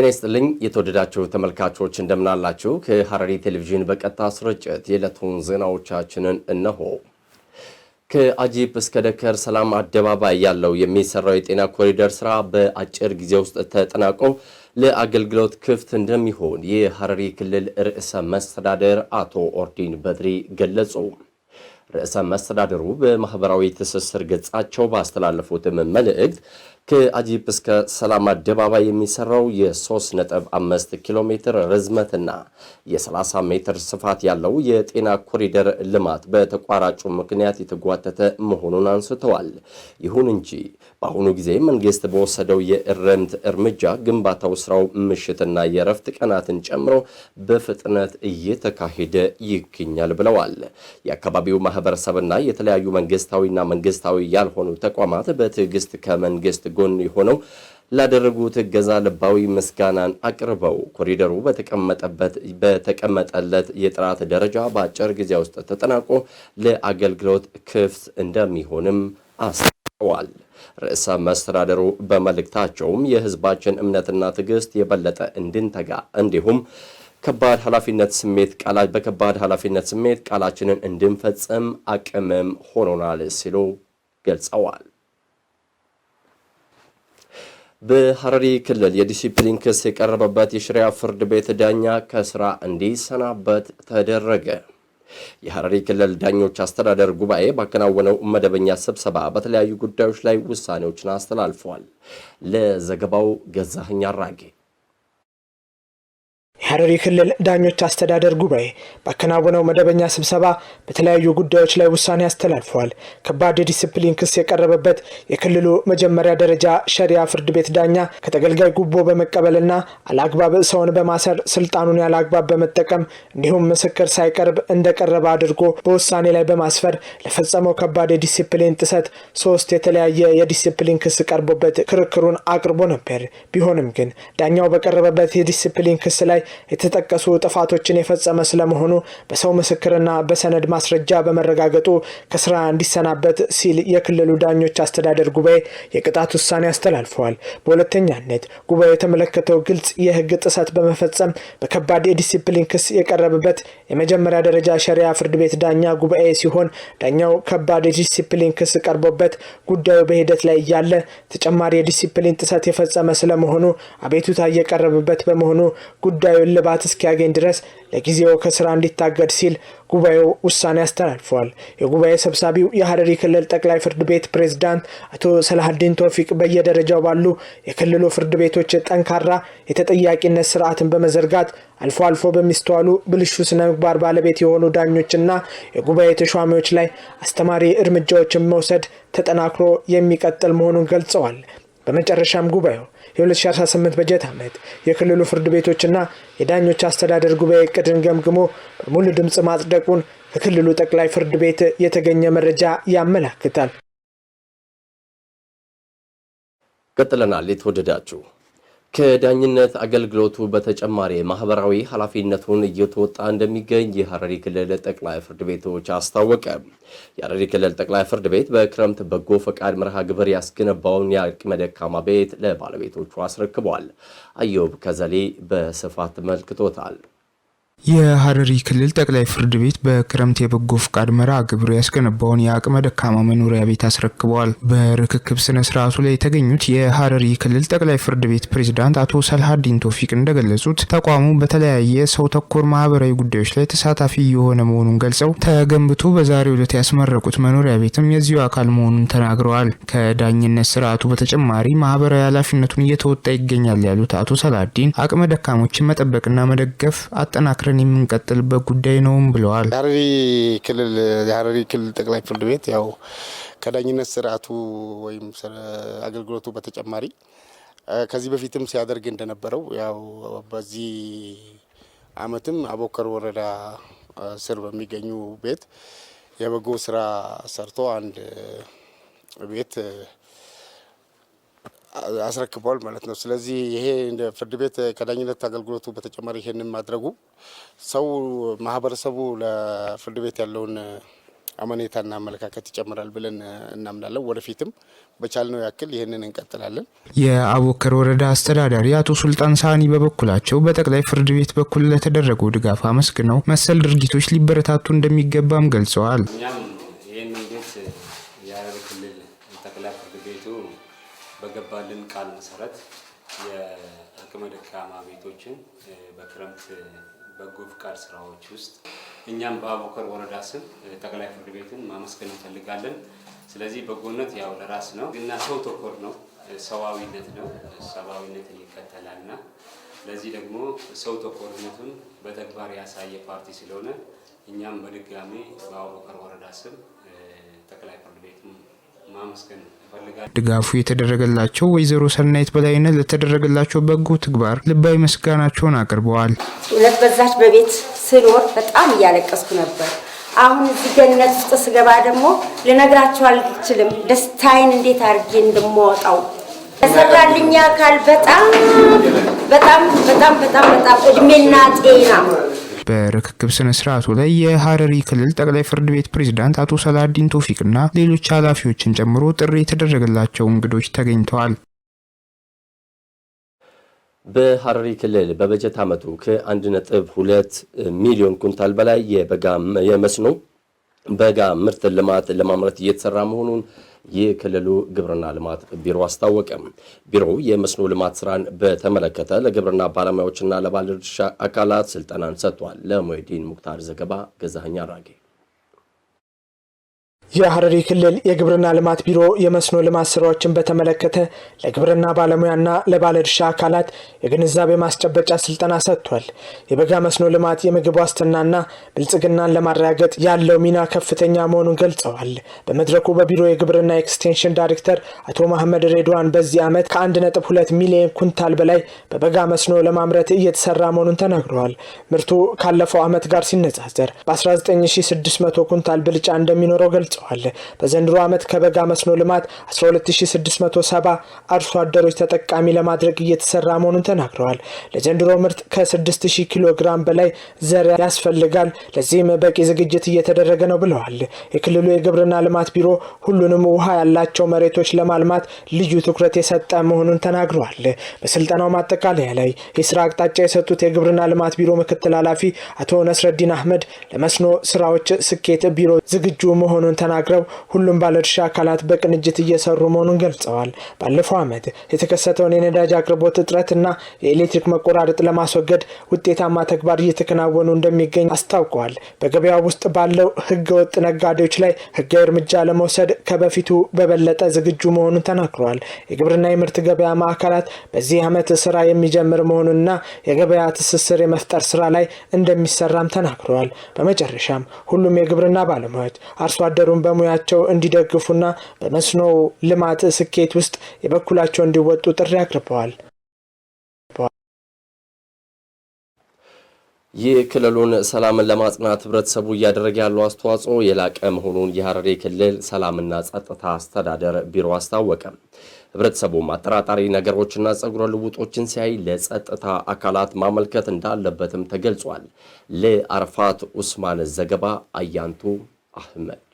ጤና ይስጥልኝ የተወደዳችሁ ተመልካቾች እንደምናላችሁ። ከሐረሪ ቴሌቪዥን በቀጥታ ስርጭት የዕለቱን ዜናዎቻችንን እነሆ። ከአጂፕ እስከ ደከር ሰላም አደባባይ ያለው የሚሰራው የጤና ኮሪደር ስራ በአጭር ጊዜ ውስጥ ተጠናቆ ለአገልግሎት ክፍት እንደሚሆን የሐረሪ ክልል ርዕሰ መስተዳደር አቶ ኦርዲን በድሪ ገለጹ። ርዕሰ መስተዳደሩ በማኅበራዊ ትስስር ገጻቸው ባስተላለፉትም መልእክት ከአጂፕ እስከ ሰላም አደባባይ የሚሰራው የ3.5 ኪሎ ሜትር ርዝመትና የ30 ሜትር ስፋት ያለው የጤና ኮሪደር ልማት በተቋራጩ ምክንያት የተጓተተ መሆኑን አንስተዋል። ይሁን እንጂ በአሁኑ ጊዜ መንግስት በወሰደው የእረምት እርምጃ ግንባታው ስራው ምሽትና የእረፍት ቀናትን ጨምሮ በፍጥነት እየተካሄደ ይገኛል ብለዋል። የአካባቢው ማህበረሰብና የተለያዩ መንግስታዊና መንግስታዊ ያልሆኑ ተቋማት በትዕግስት ከመንግስት ጎን ሆነው ላደረጉት እገዛ ልባዊ ምስጋናን አቅርበው ኮሪደሩ በተቀመጠበት በተቀመጠለት የጥራት ደረጃ በአጭር ጊዜ ውስጥ ተጠናቆ ለአገልግሎት ክፍት እንደሚሆንም አስታውቀዋል። ርዕሰ መስተዳደሩ በመልእክታቸውም የሕዝባችን እምነትና ትዕግስት የበለጠ እንድንተጋ እንዲሁም ከባድ ኃላፊነት ስሜት በከባድ ኃላፊነት ስሜት ቃላችንን እንድንፈጽም አቅምም ሆኖናል ሲሉ ገልጸዋል። በሐረሪ ክልል የዲሲፕሊን ክስ የቀረበበት የሽሪያ ፍርድ ቤት ዳኛ ከስራ እንዲሰናበት ተደረገ። የሐረሪ ክልል ዳኞች አስተዳደር ጉባኤ ባከናወነው መደበኛ ስብሰባ በተለያዩ ጉዳዮች ላይ ውሳኔዎችን አስተላልፈዋል። ለዘገባው ገዛህኝ አራጌ የሐረሪ ክልል ዳኞች አስተዳደር ጉባኤ ባከናወነው መደበኛ ስብሰባ በተለያዩ ጉዳዮች ላይ ውሳኔ አስተላልፈዋል። ከባድ የዲስፕሊን ክስ የቀረበበት የክልሉ መጀመሪያ ደረጃ ሸሪያ ፍርድ ቤት ዳኛ ከተገልጋይ ጉቦ በመቀበልና አላግባብ ሰውን በማሰር ስልጣኑን ያላግባብ በመጠቀም እንዲሁም ምስክር ሳይቀርብ እንደቀረበ አድርጎ በውሳኔ ላይ በማስፈር ለፈጸመው ከባድ የዲስፕሊን ጥሰት ሶስት የተለያየ የዲስፕሊን ክስ ቀርቦበት ክርክሩን አቅርቦ ነበር። ቢሆንም ግን ዳኛው በቀረበበት የዲስፕሊን ክስ ላይ የተጠቀሱ ጥፋቶችን የፈጸመ ስለመሆኑ በሰው ምስክርና በሰነድ ማስረጃ በመረጋገጡ ከስራ እንዲሰናበት ሲል የክልሉ ዳኞች አስተዳደር ጉባኤ የቅጣት ውሳኔ አስተላልፈዋል። በሁለተኛነት ጉባኤ የተመለከተው ግልጽ የህግ ጥሰት በመፈጸም በከባድ የዲሲፕሊን ክስ የቀረበበት የመጀመሪያ ደረጃ ሸሪያ ፍርድ ቤት ዳኛ ጉባኤ ሲሆን ዳኛው ከባድ የዲሲፕሊን ክስ ቀርቦበት ጉዳዩ በሂደት ላይ እያለ ተጨማሪ የዲሲፕሊን ጥሰት የፈጸመ ስለመሆኑ አቤቱታ እየቀረበበት በመሆኑ ጉዳዩ እልባት እስኪያገኝ ድረስ ለጊዜው ከስራ እንዲታገድ ሲል ጉባኤው ውሳኔ አስተላልፏል። የጉባኤ ሰብሳቢው የሀረሪ ክልል ጠቅላይ ፍርድ ቤት ፕሬዝዳንት አቶ ሰላሀዲን ቶፊቅ በየደረጃው ባሉ የክልሉ ፍርድ ቤቶች ጠንካራ የተጠያቂነት ስርዓትን በመዘርጋት አልፎ አልፎ በሚስተዋሉ ብልሹ ስነ ምግባር ባለቤት የሆኑ ዳኞችና የጉባኤ ተሿሚዎች ላይ አስተማሪ እርምጃዎችን መውሰድ ተጠናክሮ የሚቀጥል መሆኑን ገልጸዋል። በመጨረሻም ጉባኤው የ2018 በጀት ዓመት የክልሉ ፍርድ ቤቶችና የዳኞች አስተዳደር ጉባኤ እቅድን ገምግሞ በሙሉ ድምፅ ማጽደቁን ከክልሉ ጠቅላይ ፍርድ ቤት የተገኘ መረጃ ያመላክታል። ቀጥለናል። የተወደዳችሁ ከዳኝነት አገልግሎቱ በተጨማሪ ማህበራዊ ኃላፊነቱን እየተወጣ እንደሚገኝ የሐረሪ ክልል ጠቅላይ ፍርድ ቤቶች አስታወቀ። የሐረሪ ክልል ጠቅላይ ፍርድ ቤት በክረምት በጎ ፈቃድ መርሃ ግብር ያስገነባውን የአቅመ ደካማ ቤት ለባለቤቶቹ አስረክቧል። አዮብ ከዘሌ በስፋት መልክቶታል። የሀረሪ ክልል ጠቅላይ ፍርድ ቤት በክረምት የበጎ ፍቃድ መርሃ ግብር ያስገነባውን የአቅመ ደካማ መኖሪያ ቤት አስረክበዋል። በርክክብ ስነ ስርዓቱ ላይ የተገኙት የሀረሪ ክልል ጠቅላይ ፍርድ ቤት ፕሬዝዳንት አቶ ሰልሀዲን ቶፊቅ እንደገለጹት ተቋሙ በተለያየ ሰው ተኮር ማህበራዊ ጉዳዮች ላይ ተሳታፊ የሆነ መሆኑን ገልጸው ተገንብቶ በዛሬው ዕለት ያስመረቁት መኖሪያ ቤትም የዚሁ አካል መሆኑን ተናግረዋል። ከዳኝነት ስርዓቱ በተጨማሪ ማህበራዊ ኃላፊነቱን እየተወጣ ይገኛል ያሉት አቶ ሰልሀዲን አቅመ ደካሞችን መጠበቅና መደገፍ አጠናክረ አጠናክረን የምንቀጥልበት ጉዳይ ነውም ብለዋል። የሀረሪ ክልል የሀረሪ ክልል ጠቅላይ ፍርድ ቤት ያው ከዳኝነት ስርዓቱ ወይም አገልግሎቱ በተጨማሪ ከዚህ በፊትም ሲያደርግ እንደነበረው ያው በዚህ አመትም አቦከር ወረዳ ስር በሚገኙ ቤት የበጎ ስራ ሰርቶ አንድ ቤት አስረክቧል ማለት ነው። ስለዚህ ይሄ ፍርድ ቤት ከዳኝነት አገልግሎቱ በተጨማሪ ይሄንን ማድረጉ ሰው ማህበረሰቡ ለፍርድ ቤት ያለውን አመኔታና አመለካከት ይጨምራል ብለን እናምናለን። ወደፊትም በቻልነው ያክል ይህንን እንቀጥላለን። የአቦከር ወረዳ አስተዳዳሪ አቶ ሱልጣን ሳኒ በበኩላቸው በጠቅላይ ፍርድ ቤት በኩል ለተደረገው ድጋፍ አመስግነው መሰል ድርጊቶች ሊበረታቱ እንደሚገባም ገልጸዋል። በተባልን ቃል መሰረት የአቅመ ደካማ ቤቶችን በክረምት በጎ ፍቃድ ስራዎች ውስጥ እኛም በአቡከር ወረዳ ስም ጠቅላይ ፍርድ ቤትን ማመስገን እንፈልጋለን። ስለዚህ በጎነት ያው ለራስ ነው እና ሰው ተኮር ነው፣ ሰብአዊነት ነው፣ ሰብአዊነትን ይከተላል እና ለዚህ ደግሞ ሰው ተኮርነቱን በተግባር ያሳየ ፓርቲ ስለሆነ እኛም በድጋሚ በአቡከር ወረዳ ስም ጠቅላይ ፍርድ ቤትን ድጋፉ የተደረገላቸው ወይዘሮ ሰናይት በላይነት ለተደረገላቸው በጎ ተግባር ልባዊ ምስጋናቸውን አቅርበዋል። እውነት በዛች በቤት ስኖር በጣም እያለቀስኩ ነበር። አሁን እዚህ ገነት ውስጥ ስገባ ደግሞ ልነግራቸው አልችልም ደስታዬን እንዴት አድርጌ እንደማወጣው የሰራልኝ አካል በጣም በጣም በጣም በጣም በጣም እድሜና ጤና በርክክብ ስነ ስርዓቱ ላይ የሀረሪ ክልል ጠቅላይ ፍርድ ቤት ፕሬዝዳንት አቶ ሰላዲን እና ሌሎች ኃላፊዎችን ጨምሮ ጥሪ የተደረገላቸው እንግዶች ተገኝተዋል። በሀረሪ ክልል በበጀት ዓመቱ ከ1.2 ሚሊዮን ኩንታል በላይ የበጋ የመስኖ በጋ ምርት ልማት ለማምረት እየተሰራ መሆኑን የክልሉ ግብርና ልማት ቢሮ አስታወቀ። ቢሮው የመስኖ ልማት ስራን በተመለከተ ለግብርና ባለሙያዎችና ለባለድርሻ አካላት ስልጠናን ሰጥቷል። ለሞይዲን ሙክታር ዘገባ ገዛኸኝ አራጌ የሐረሪ ክልል የግብርና ልማት ቢሮ የመስኖ ልማት ስራዎችን በተመለከተ ለግብርና ባለሙያና ለባለድርሻ አካላት የግንዛቤ ማስጨበጫ ስልጠና ሰጥቷል። የበጋ መስኖ ልማት የምግብ ዋስትናና ብልጽግናን ለማረጋገጥ ያለው ሚና ከፍተኛ መሆኑን ገልጸዋል። በመድረኩ በቢሮ የግብርና ኤክስቴንሽን ዳይሬክተር አቶ መሐመድ ሬድዋን በዚህ ዓመት ከ1.2 ሚሊዮን ኩንታል በላይ በበጋ መስኖ ለማምረት እየተሰራ መሆኑን ተናግረዋል። ምርቱ ካለፈው ዓመት ጋር ሲነጻዘር በ19600 ኩንታል ብልጫ እንደሚኖረው ገልጸዋል። ገልጸዋል። በዘንድሮ ዓመት ከበጋ መስኖ ልማት 12670 አርሶ አደሮች ተጠቃሚ ለማድረግ እየተሰራ መሆኑን ተናግረዋል። ለዘንድሮ ምርት ከ6000 ኪሎ ግራም በላይ ዘር ያስፈልጋል። ለዚህም በቂ ዝግጅት እየተደረገ ነው ብለዋል። የክልሉ የግብርና ልማት ቢሮ ሁሉንም ውሃ ያላቸው መሬቶች ለማልማት ልዩ ትኩረት የሰጠ መሆኑን ተናግረዋል። በስልጠናው ማጠቃለያ ላይ የስራ አቅጣጫ የሰጡት የግብርና ልማት ቢሮ ምክትል ኃላፊ አቶ ነስረዲን አህመድ ለመስኖ ስራዎች ስኬት ቢሮ ዝግጁ መሆኑን ተናግረዋል። ተናግረው ሁሉም ባለድርሻ አካላት በቅንጅት እየሰሩ መሆኑን ገልጸዋል። ባለፈው ዓመት የተከሰተውን የነዳጅ አቅርቦት እጥረትና የኤሌክትሪክ መቆራረጥ ለማስወገድ ውጤታማ ተግባር እየተከናወኑ እንደሚገኝ አስታውቀዋል። በገበያው ውስጥ ባለው ህገወጥ ነጋዴዎች ላይ ህጋዊ እርምጃ ለመውሰድ ከበፊቱ በበለጠ ዝግጁ መሆኑን ተናግረዋል። የግብርና የምርት ገበያ ማዕከላት በዚህ ዓመት ስራ የሚጀምር መሆኑንና የገበያ ትስስር የመፍጠር ስራ ላይ እንደሚሰራም ተናግረዋል። በመጨረሻም ሁሉም የግብርና ባለሙያዎች አርሶ አደሩን ራሳቸውን በሙያቸው እንዲደግፉና በመስኖ ልማት ስኬት ውስጥ የበኩላቸው እንዲወጡ ጥሪ አቅርበዋል። ይህ ክልሉን ሰላምን ለማጽናት ህብረተሰቡ እያደረገ ያለው አስተዋጽኦ የላቀ መሆኑን የሐረሪ ክልል ሰላምና ጸጥታ አስተዳደር ቢሮ አስታወቀ። ህብረተሰቡም አጠራጣሪ ነገሮችና ጸጉረ ልውጦችን ሲያይ ለጸጥታ አካላት ማመልከት እንዳለበትም ተገልጿል። ለአርፋት ኡስማን ዘገባ አያንቱ አህመድ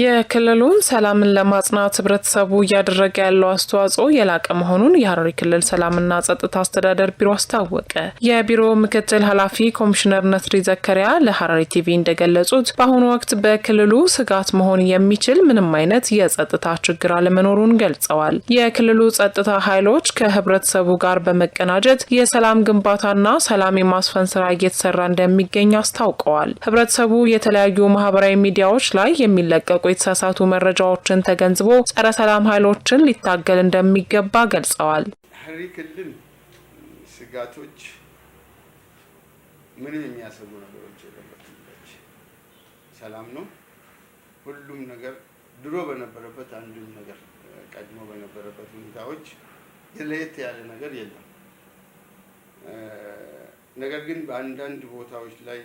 የክልሉን ሰላምን ለማጽናት ህብረተሰቡ እያደረገ ያለው አስተዋጽኦ የላቀ መሆኑን የሀረሪ ክልል ሰላምና ጸጥታ አስተዳደር ቢሮ አስታወቀ። የቢሮ ምክትል ኃላፊ ኮሚሽነር ነትሪ ዘከሪያ ለሀረሪ ቲቪ እንደገለጹት በአሁኑ ወቅት በክልሉ ስጋት መሆን የሚችል ምንም አይነት የጸጥታ ችግር አለመኖሩን ገልጸዋል። የክልሉ ጸጥታ ኃይሎች ከህብረተሰቡ ጋር በመቀናጀት የሰላም ግንባታና ሰላም የማስፈን ስራ እየተሰራ እንደሚገኝ አስታውቀዋል። ህብረተሰቡ የተለያዩ ማህበራዊ ሚዲያዎች ላይ የሚለቀቁ የሚያንጸባርቁ የተሳሳቱ መረጃዎችን ተገንዝቦ ጸረ ሰላም ኃይሎችን ሊታገል እንደሚገባ ገልጸዋል። ሀሪ ክልል ስጋቶች ምንም የሚያሰቡ ነገሮች የለበትበች ሰላም ነው። ሁሉም ነገር ድሮ በነበረበት አንድም ነገር ቀድሞ በነበረበት ሁኔታዎች ለየት ያለ ነገር የለም። ነገር ግን በአንዳንድ ቦታዎች ላይ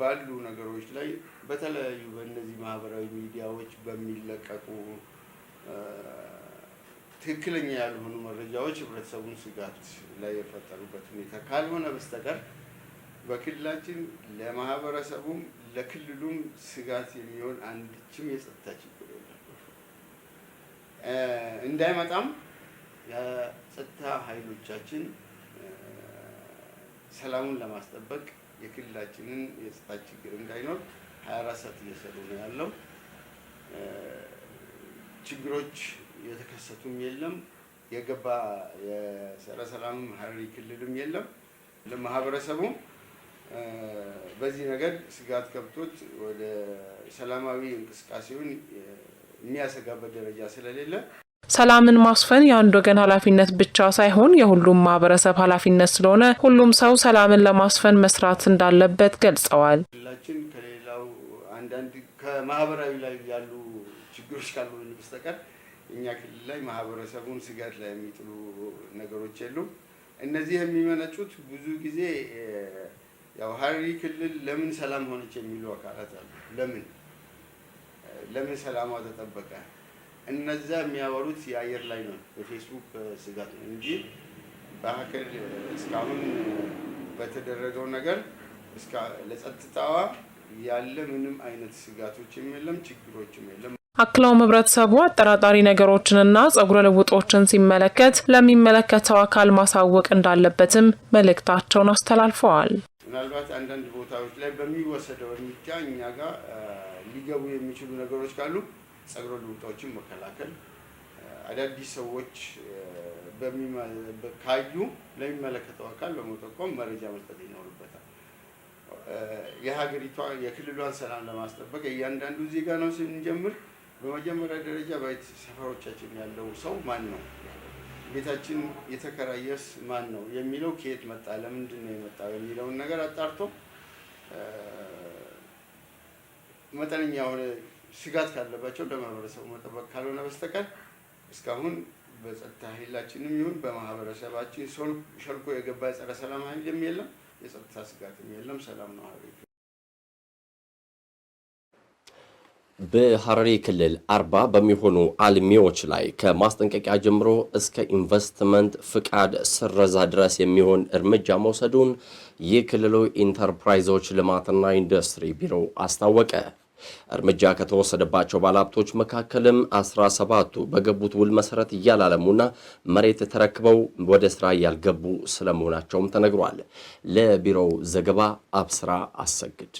ባሉ ነገሮች ላይ በተለያዩ በእነዚህ ማህበራዊ ሚዲያዎች በሚለቀቁ ትክክለኛ ያልሆኑ መረጃዎች ህብረተሰቡን ስጋት ላይ የፈጠሩበት ሁኔታ ካልሆነ በስተቀር በክልላችን ለማህበረሰቡም ለክልሉም ስጋት የሚሆን አንድችም የጸጥታ ችግር የለም። እንዳይመጣም የጸጥታ ኃይሎቻችን ሰላሙን ለማስጠበቅ የክልላችንን የጸጥታ ችግር እንዳይኖር 24 ሰዓት እየሰሩ ነው ያለው። ችግሮች የተከሰቱም የለም የገባ የሰረ ሰላምም ሀረሪ ክልልም የለም። ለማህበረሰቡ በዚህ ነገር ስጋት ከብቶት ወደ ሰላማዊ እንቅስቃሴውን የሚያሰጋበት ደረጃ ስለሌለ ሰላምን ማስፈን የአንድ ወገን ኃላፊነት ብቻ ሳይሆን የሁሉም ማህበረሰብ ኃላፊነት ስለሆነ ሁሉም ሰው ሰላምን ለማስፈን መስራት እንዳለበት ገልጸዋል። ሁላችን ከሌላው አንዳንድ ከማህበራዊ ላይ ያሉ ችግሮች ካሉ በስተቀር እኛ ክልል ላይ ማህበረሰቡን ስጋት ላይ የሚጥሉ ነገሮች የሉም። እነዚህ የሚመነጩት ብዙ ጊዜ ያው ሀረሪ ክልል ለምን ሰላም ሆነች የሚሉ አካላት አሉ። ለምን ለምን ሰላሟ ተጠበቀ እነዛ የሚያወሩት የአየር ላይ ነው፣ በፌስቡክ ስጋት ነው እንጂ በሀከል እስካሁን በተደረገው ነገር ለጸጥታዋ ያለ ምንም አይነት ስጋቶችም የለም፣ ችግሮችም የለም። አክለውም ህብረተሰቡ አጠራጣሪ ነገሮችንና ጸጉረ ልውጦችን ሲመለከት ለሚመለከተው አካል ማሳወቅ እንዳለበትም መልእክታቸውን አስተላልፈዋል። ምናልባት አንዳንድ ቦታዎች ላይ በሚወሰደው እርምጃ እኛ ጋር ሊገቡ የሚችሉ ነገሮች ካሉ ጸጉረ ልውጦችን መከላከል አዳዲስ ሰዎች ካዩ ለሚመለከተው አካል በመጠቆም መረጃ መስጠት ይኖርበታል። የሀገሪቷ የክልሏን ሰላም ለማስጠበቅ እያንዳንዱ ዜጋ ነው ስንጀምር በመጀመሪያ ደረጃ በቤት ሰፈሮቻችን ያለው ሰው ማን ነው፣ ቤታችን የተከራየስ ማን ነው የሚለው ከየት መጣ፣ ለምንድን ነው የመጣ የሚለውን ነገር አጣርቶ መጠነኛ የሆነ ስጋት ካለባቸው ለማህበረሰቡ መጠበቅ ካልሆነ በስተቀር እስካሁን በጸጥታ ኃይላችንም ይሁን በማህበረሰባችን ሸልኮ የገባ የጸረ ሰላም ኃይልም የለም፣ የጸጥታ ስጋትም የለም። ሰላም ነው ሀገሪቱ። በሐረሪ ክልል አርባ በሚሆኑ አልሚዎች ላይ ከማስጠንቀቂያ ጀምሮ እስከ ኢንቨስትመንት ፍቃድ ስረዛ ድረስ የሚሆን እርምጃ መውሰዱን የክልሉ ኢንተርፕራይዞች ልማትና ኢንዱስትሪ ቢሮ አስታወቀ። እርምጃ ከተወሰደባቸው ባለሀብቶች መካከልም 17ቱ በገቡት ውል መሰረት እያላለሙና መሬት ተረክበው ወደ ስራ እያልገቡ ስለመሆናቸውም ተነግሯል። ለቢሮው ዘገባ አብስራ አሰግድ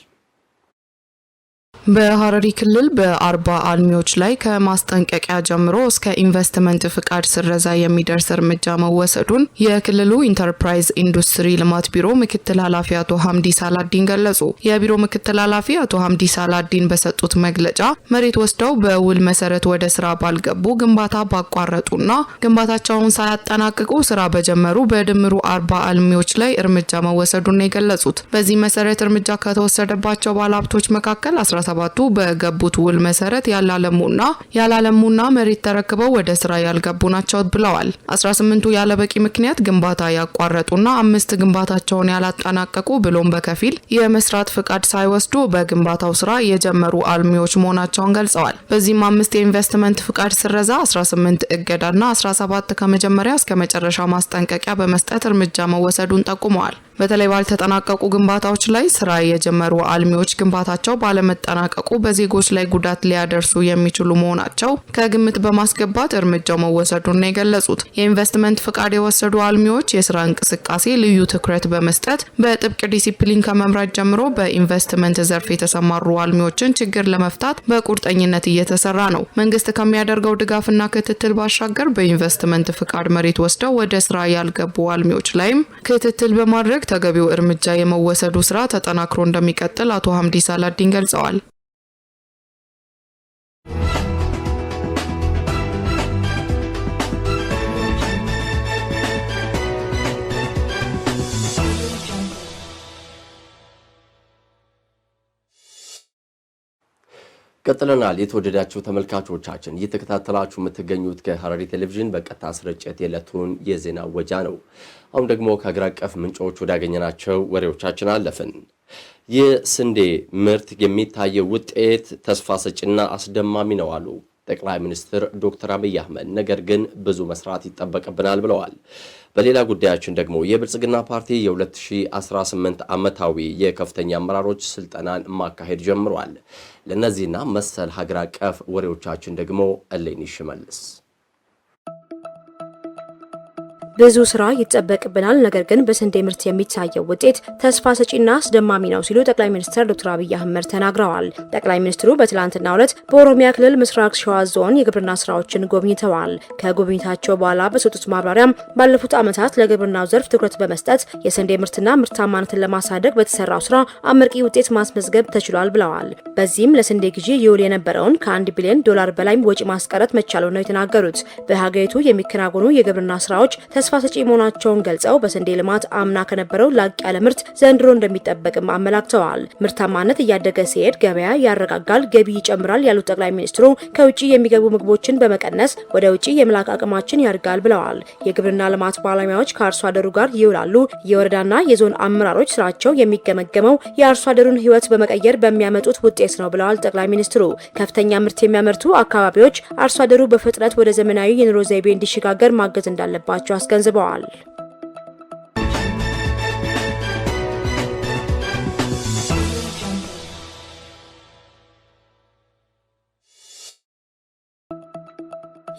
በሐረሪ ክልል በአርባ አልሚዎች ላይ ከማስጠንቀቂያ ጀምሮ እስከ ኢንቨስትመንት ፍቃድ ስረዛ የሚደርስ እርምጃ መወሰዱን የክልሉ ኢንተርፕራይዝ ኢንዱስትሪ ልማት ቢሮ ምክትል ኃላፊ አቶ ሀምዲ ሳላዲን ገለጹ። የቢሮ ምክትል ኃላፊ አቶ ሀምዲ ሳላዲን በሰጡት መግለጫ መሬት ወስደው በውል መሰረት ወደ ስራ ባልገቡ፣ ግንባታ ባቋረጡና ግንባታቸውን ሳያጠናቅቁ ስራ በጀመሩ በድምሩ አርባ አልሚዎች ላይ እርምጃ መወሰዱን የገለጹት በዚህ መሰረት እርምጃ ከተወሰደባቸው ባለሀብቶች መካከል 97ቱ በገቡት ውል መሰረት ያላለሙና ያላለሙና መሬት ተረክበው ወደ ስራ ያልገቡ ናቸው ብለዋል። 18ቱ ያለበቂ ምክንያት ግንባታ ያቋረጡና አምስት ግንባታቸውን ያላጠናቀቁ ብሎም በከፊል የመስራት ፍቃድ ሳይወስዱ በግንባታው ስራ የጀመሩ አልሚዎች መሆናቸውን ገልጸዋል። በዚህም አምስት የኢንቨስትመንት ፍቃድ ስረዛ፣ 18 እገዳና 17 ከመጀመሪያ እስከ መጨረሻ ማስጠንቀቂያ በመስጠት እርምጃ መወሰዱን ጠቁመዋል። በተለይ ባልተጠናቀቁ ግንባታዎች ላይ ስራ የጀመሩ አልሚዎች ግንባታቸው ባለመጠናቀቁ በዜጎች ላይ ጉዳት ሊያደርሱ የሚችሉ መሆናቸው ከግምት በማስገባት እርምጃው መወሰዱን ነው የገለጹት። የኢንቨስትመንት ፍቃድ የወሰዱ አልሚዎች የስራ እንቅስቃሴ ልዩ ትኩረት በመስጠት በጥብቅ ዲሲፕሊን ከመምራት ጀምሮ በኢንቨስትመንት ዘርፍ የተሰማሩ አልሚዎችን ችግር ለመፍታት በቁርጠኝነት እየተሰራ ነው። መንግስት ከሚያደርገው ድጋፍና ክትትል ባሻገር በኢንቨስትመንት ፍቃድ መሬት ወስደው ወደ ስራ ያልገቡ አልሚዎች ላይም ክትትል በማድረግ ለማድረግ ተገቢው እርምጃ የመወሰዱ ስራ ተጠናክሮ እንደሚቀጥል አቶ ሀምዲ ሳላዲን ገልጸዋል። ቀጥለናል። የተወደዳችሁ ተመልካቾቻችን እየተከታተላችሁ የምትገኙት ከሐረሪ ቴሌቪዥን በቀጥታ ስርጭት የዕለቱን የዜና ወጃ ነው። አሁን ደግሞ ከአገር አቀፍ ምንጮች ወዳገኘናቸው ወሬዎቻችን አለፍን። የስንዴ ምርት የሚታየው ውጤት ተስፋ ሰጪና አስደማሚ ነው አሉ ጠቅላይ ሚኒስትር ዶክተር አብይ አህመድ ነገር ግን ብዙ መስራት ይጠበቅብናል ብለዋል። በሌላ ጉዳያችን ደግሞ የብልጽግና ፓርቲ የ2018 ዓመታዊ የከፍተኛ አመራሮች ስልጠናን ማካሄድ ጀምሯል። ለእነዚህና መሰል ሀገር አቀፍ ወሬዎቻችን ደግሞ እሌኒ ሽመልስ ብዙ ስራ ይጠበቅብናል፣ ነገር ግን በስንዴ ምርት የሚታየው ውጤት ተስፋ ሰጪና አስደማሚ ነው ሲሉ ጠቅላይ ሚኒስትር ዶክተር አብይ አህመድ ተናግረዋል። ጠቅላይ ሚኒስትሩ በትላንትናው ዕለት በኦሮሚያ ክልል ምስራቅ ሸዋ ዞን የግብርና ስራዎችን ጎብኝተዋል። ከጉብኝታቸው በኋላ በሰጡት ማብራሪያም ባለፉት ዓመታት ለግብርናው ዘርፍ ትኩረት በመስጠት የስንዴ ምርትና ምርታማነትን ለማሳደግ በተሰራው ስራ አመርቂ ውጤት ማስመዝገብ ተችሏል ብለዋል። በዚህም ለስንዴ ግዢ ይውል የነበረውን ከአንድ ቢሊዮን ዶላር በላይ ወጪ ማስቀረት መቻሉ ነው የተናገሩት። በሀገሪቱ የሚከናወኑ የግብርና ስራዎች ተስፋ ሰጪ መሆናቸውን ገልጸው በስንዴ ልማት አምና ከነበረው ላቅ ያለ ምርት ዘንድሮ እንደሚጠበቅም አመላክተዋል። ምርታማነት እያደገ ሲሄድ ገበያ ያረጋጋል፣ ገቢ ይጨምራል ያሉት ጠቅላይ ሚኒስትሩ ከውጭ የሚገቡ ምግቦችን በመቀነስ ወደ ውጭ የመላክ አቅማችን ያድጋል ብለዋል። የግብርና ልማት ባለሙያዎች ከአርሶ አደሩ ጋር ይውላሉ። የወረዳና የዞን አመራሮች ስራቸው የሚገመገመው የአርሶ አደሩን ሕይወት በመቀየር በሚያመጡት ውጤት ነው ብለዋል ጠቅላይ ሚኒስትሩ። ከፍተኛ ምርት የሚያመርቱ አካባቢዎች አርሶ አደሩ በፍጥነት ወደ ዘመናዊ የኑሮ ዘይቤ እንዲሸጋገር ማገዝ እንዳለባቸው አስገ كان زبعال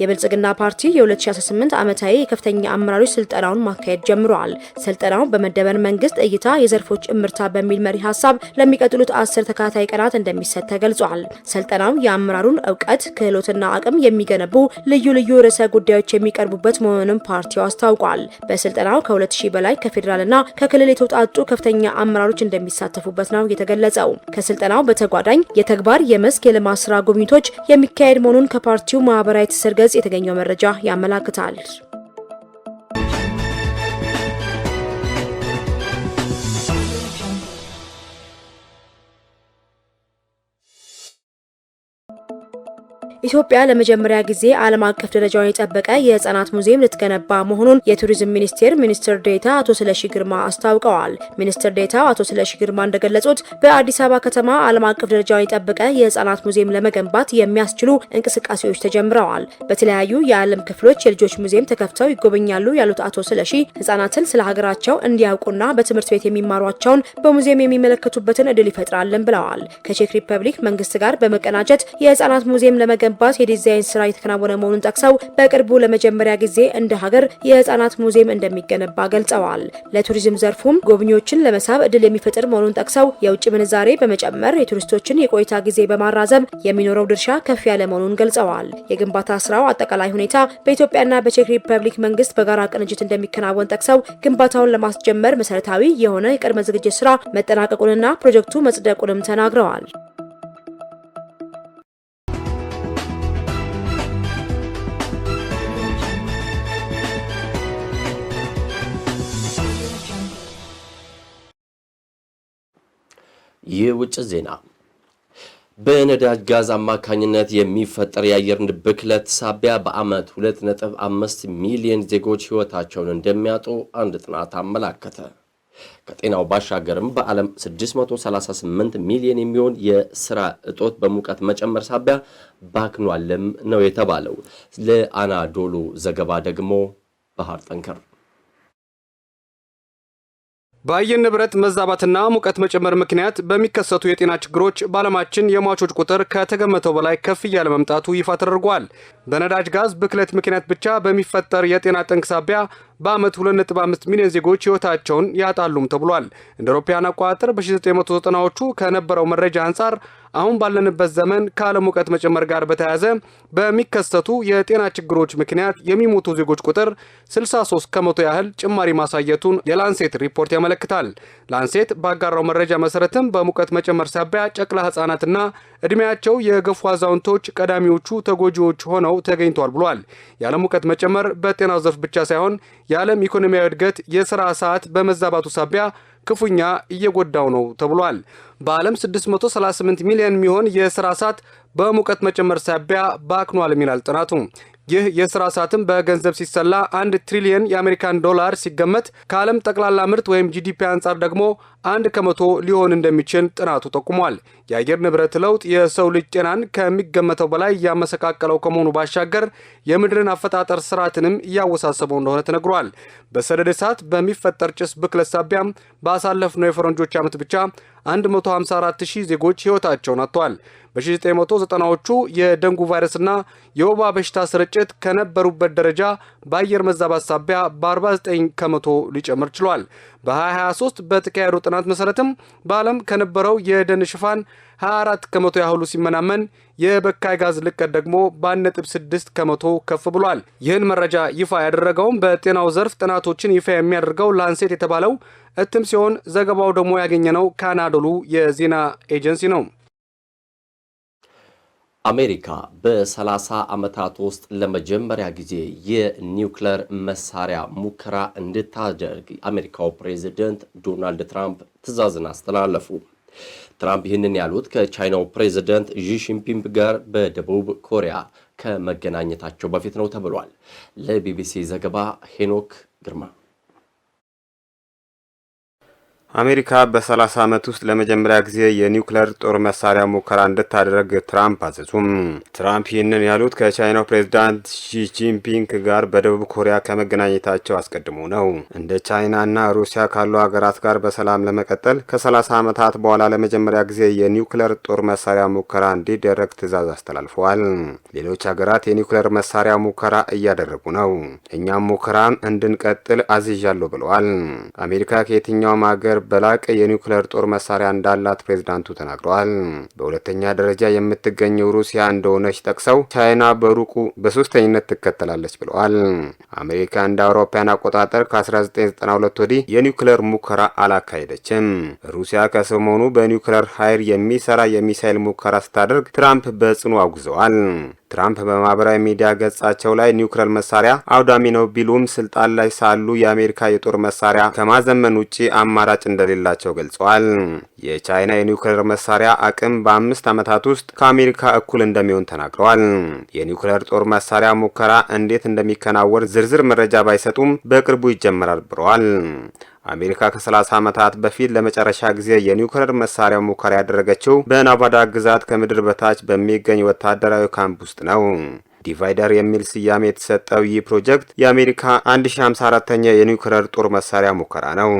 የብልጽግና ፓርቲ የ2018 ዓመታዊ የከፍተኛ አመራሮች ስልጠናውን ማካሄድ ጀምረዋል። ስልጠናው በመደመር መንግስት እይታ የዘርፎች እምርታ በሚል መሪ ሀሳብ ለሚቀጥሉት አስር ተከታታይ ቀናት እንደሚሰጥ ተገልጿል። ስልጠናው የአመራሩን እውቀት ክህሎትና አቅም የሚገነቡ ልዩ ልዩ ርዕሰ ጉዳዮች የሚቀርቡበት መሆኑንም ፓርቲው አስታውቋል። በስልጠናው ከ2000 በላይ ከፌዴራልና ከክልል የተውጣጡ ከፍተኛ አመራሮች እንደሚሳተፉበት ነው የተገለጸው። ከስልጠናው በተጓዳኝ የተግባር የመስክ የልማት ስራ ጉብኝቶች የሚካሄድ መሆኑን ከፓርቲው ማህበራዊ ትስስር ድረገጽ የተገኘው መረጃ ያመላክታል። ኢትዮጵያ ለመጀመሪያ ጊዜ ዓለም አቀፍ ደረጃውን የጠበቀ የህፃናት ሙዚየም ልትገነባ መሆኑን የቱሪዝም ሚኒስቴር ሚኒስትር ዴታ አቶ ስለሺ ግርማ አስታውቀዋል። ሚኒስትር ዴታው አቶ ስለሺ ግርማ እንደገለጹት በአዲስ አበባ ከተማ ዓለም አቀፍ ደረጃውን የጠበቀ የህፃናት ሙዚየም ለመገንባት የሚያስችሉ እንቅስቃሴዎች ተጀምረዋል። በተለያዩ የዓለም ክፍሎች የልጆች ሙዚየም ተከፍተው ይጎበኛሉ ያሉት አቶ ስለሺ ህፃናትን ስለ ሀገራቸው እንዲያውቁና በትምህርት ቤት የሚማሯቸውን በሙዚየም የሚመለከቱበትን እድል ይፈጥራልን ብለዋል። ከቼክ ሪፐብሊክ መንግስት ጋር በመቀናጀት የህፃናት ሙዚየም ለመገንባት በመገንባት የዲዛይን ስራ እየተከናወነ መሆኑን ጠቅሰው በቅርቡ ለመጀመሪያ ጊዜ እንደ ሀገር የህፃናት ሙዚየም እንደሚገነባ ገልጸዋል። ለቱሪዝም ዘርፉም ጎብኚዎችን ለመሳብ እድል የሚፈጥር መሆኑን ጠቅሰው የውጭ ምንዛሬ በመጨመር የቱሪስቶችን የቆይታ ጊዜ በማራዘም የሚኖረው ድርሻ ከፍ ያለ መሆኑን ገልጸዋል። የግንባታ ስራው አጠቃላይ ሁኔታ በኢትዮጵያና በቼክ ሪፐብሊክ መንግስት በጋራ ቅንጅት እንደሚከናወን ጠቅሰው ግንባታውን ለማስጀመር መሰረታዊ የሆነ የቅድመ ዝግጅት ስራ መጠናቀቁንና ፕሮጀክቱ መጽደቁንም ተናግረዋል። የውጭ ዜና በነዳጅ ጋዝ አማካኝነት የሚፈጠር የአየር ብክለት ሳቢያ በዓመት 2.5 ሚሊዮን ዜጎች ሕይወታቸውን እንደሚያጡ አንድ ጥናት አመላከተ። ከጤናው ባሻገርም በዓለም 638 ሚሊዮን የሚሆን የስራ እጦት በሙቀት መጨመር ሳቢያ ባክኗልም ነው የተባለው። ለአናዶሉ ዘገባ ደግሞ ባህር ጠንከር በአየር ንብረት መዛባትና ሙቀት መጨመር ምክንያት በሚከሰቱ የጤና ችግሮች በዓለማችን የሟቾች ቁጥር ከተገመተው በላይ ከፍ እያለ መምጣቱ ይፋ ተደርጓል። በነዳጅ ጋዝ ብክለት ምክንያት ብቻ በሚፈጠር የጤና ጠንቅ ሳቢያ በዓመት 2.5 ሚሊዮን ዜጎች ህይወታቸውን ያጣሉም ተብሏል። እንደ አውሮፓውያን አቆጣጠር በ1990ዎቹ ከነበረው መረጃ አንጻር አሁን ባለንበት ዘመን ከዓለም ሙቀት መጨመር ጋር በተያያዘ በሚከሰቱ የጤና ችግሮች ምክንያት የሚሞቱ ዜጎች ቁጥር 63 ከመቶ ያህል ጭማሪ ማሳየቱን የላንሴት ሪፖርት ያመለክታል። ላንሴት ባጋራው መረጃ መሰረትም በሙቀት መጨመር ሳቢያ ጨቅላ ህጻናትና እድሜያቸው የገፉ አዛውንቶች ቀዳሚዎቹ ተጎጂዎች ሆነው ተገኝተዋል ብሏል። የዓለም ሙቀት መጨመር በጤናው ዘርፍ ብቻ ሳይሆን የዓለም ኢኮኖሚያዊ እድገት የሥራ ሰዓት በመዛባቱ ሳቢያ ክፉኛ እየጎዳው ነው ተብሏል። በዓለም 638 ሚሊዮን የሚሆን የሥራ ሰዓት በሙቀት መጨመር ሳቢያ ባክኗልም ይላል ጥናቱ። ይህ የስራ ሰዓትም በገንዘብ ሲሰላ አንድ ትሪሊየን የአሜሪካን ዶላር ሲገመት ከዓለም ጠቅላላ ምርት ወይም ጂዲፒ አንጻር ደግሞ አንድ ከመቶ ሊሆን እንደሚችል ጥናቱ ጠቁሟል። የአየር ንብረት ለውጥ የሰው ልጅ ጤናን ከሚገመተው በላይ እያመሰቃቀለው ከመሆኑ ባሻገር የምድርን አፈጣጠር ስርዓትንም እያወሳሰበው እንደሆነ ተነግሯል። በሰደድ እሳት በሚፈጠር ጭስ ብክለት ሳቢያም ባሳለፍነው የፈረንጆች ዓመት ብቻ 154 ሺህ ዜጎች ሕይወታቸውን አጥተዋል። በ1990ዎቹ የደንጉ ቫይረስና የወባ በሽታ ስርጭት ከነበሩበት ደረጃ በአየር መዛባት ሳቢያ በ49 ከመቶ ሊጨምር ችሏል። በ2023 በተካሄደው ጥናት መሰረትም በዓለም ከነበረው የደን ሽፋን 24 ከመቶ ያህሉ ሲመናመን የበካይ ጋዝ ልቀት ደግሞ በ1.6 ከመቶ ከፍ ብሏል። ይህን መረጃ ይፋ ያደረገውም በጤናው ዘርፍ ጥናቶችን ይፋ የሚያደርገው ላንሴት የተባለው እትም ሲሆን ዘገባው ደግሞ ያገኘነው ካናዶሉ የዜና ኤጀንሲ ነው። አሜሪካ በ30 ዓመታት ውስጥ ለመጀመሪያ ጊዜ የኒውክለር መሳሪያ ሙከራ እንድታደርግ የአሜሪካው ፕሬዝደንት ዶናልድ ትራምፕ ትዕዛዝን አስተላለፉ። ትራምፕ ይህንን ያሉት ከቻይናው ፕሬዝደንት ዢ ጂንፒንግ ጋር በደቡብ ኮሪያ ከመገናኘታቸው በፊት ነው ተብሏል። ለቢቢሲ ዘገባ ሄኖክ ግርማ አሜሪካ በ30 ዓመት ውስጥ ለመጀመሪያ ጊዜ የኒውክሌር ጦር መሳሪያ ሙከራ እንድታደረግ ትራምፕ አዘዙም። ትራምፕ ይህንን ያሉት ከቻይናው ፕሬዚዳንት ሺጂንፒንግ ጋር በደቡብ ኮሪያ ከመገናኘታቸው አስቀድሞ ነው። እንደ ቻይናና ሩሲያ ካሉ ሀገራት ጋር በሰላም ለመቀጠል ከ30 ዓመታት በኋላ ለመጀመሪያ ጊዜ የኒውክሌር ጦር መሳሪያ ሙከራ እንዲደረግ ትዕዛዝ አስተላልፈዋል። ሌሎች ሀገራት የኒውክሌር መሳሪያ ሙከራ እያደረጉ ነው። እኛም ሙከራን እንድንቀጥል አዝዣለሁ ብለዋል። አሜሪካ ከየትኛውም ሀገር በላቀ የኒውክሌር ጦር መሳሪያ እንዳላት ፕሬዝዳንቱ ተናግረዋል። በሁለተኛ ደረጃ የምትገኘው ሩሲያ እንደሆነች ጠቅሰው ቻይና በሩቁ በሶስተኝነት ትከተላለች ብለዋል። አሜሪካ እንደ አውሮፓያን አቆጣጠር ከ1992 ወዲህ የኒውክሌር ሙከራ አላካሄደችም። ሩሲያ ከሰሞኑ በኒውክሌር ኃይል የሚሰራ የሚሳይል ሙከራ ስታደርግ ትራምፕ በጽኑ አውግዘዋል። ትራምፕ በማህበራዊ ሚዲያ ገጻቸው ላይ ኒውክለር መሳሪያ አውዳሚ ነው ቢሉም ስልጣን ላይ ሳሉ የአሜሪካ የጦር መሳሪያ ከማዘመን ውጭ አማራጭ እንደሌላቸው ገልጸዋል። የቻይና የኒውክለር መሳሪያ አቅም በአምስት ዓመታት ውስጥ ከአሜሪካ እኩል እንደሚሆን ተናግረዋል። የኒውክለር ጦር መሳሪያ ሙከራ እንዴት እንደሚከናወን ዝርዝር መረጃ ባይሰጡም በቅርቡ ይጀመራል ብለዋል። አሜሪካ ከ30 ዓመታት በፊት ለመጨረሻ ጊዜ የኒውክሌር መሳሪያ ሙከራ ያደረገችው በናቫዳ ግዛት ከምድር በታች በሚገኝ ወታደራዊ ካምፕ ውስጥ ነው። ዲቫይደር የሚል ስያሜ የተሰጠው ይህ ፕሮጀክት የአሜሪካ 1054ኛ የኒውክለር ጦር መሳሪያ ሙከራ ነው።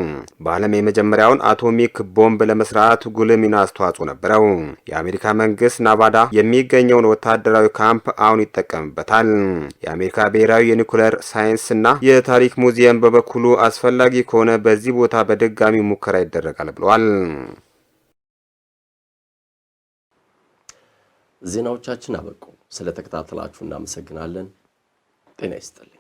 በዓለም የመጀመሪያውን አቶሚክ ቦምብ ለመስራት ጉልህ ሚና አስተዋጽኦ ነበረው። የአሜሪካ መንግስት ናቫዳ የሚገኘውን ወታደራዊ ካምፕ አሁን ይጠቀምበታል። የአሜሪካ ብሔራዊ የኒውክለር እና የታሪክ ሙዚየም በበኩሉ አስፈላጊ ከሆነ በዚህ ቦታ በድጋሚ ሙከራ ይደረጋል ብለዋል። ዜናዎቻችን አበቁ። ስለተከታተላችሁ እናመሰግናለን። ጤና ይስጥልን።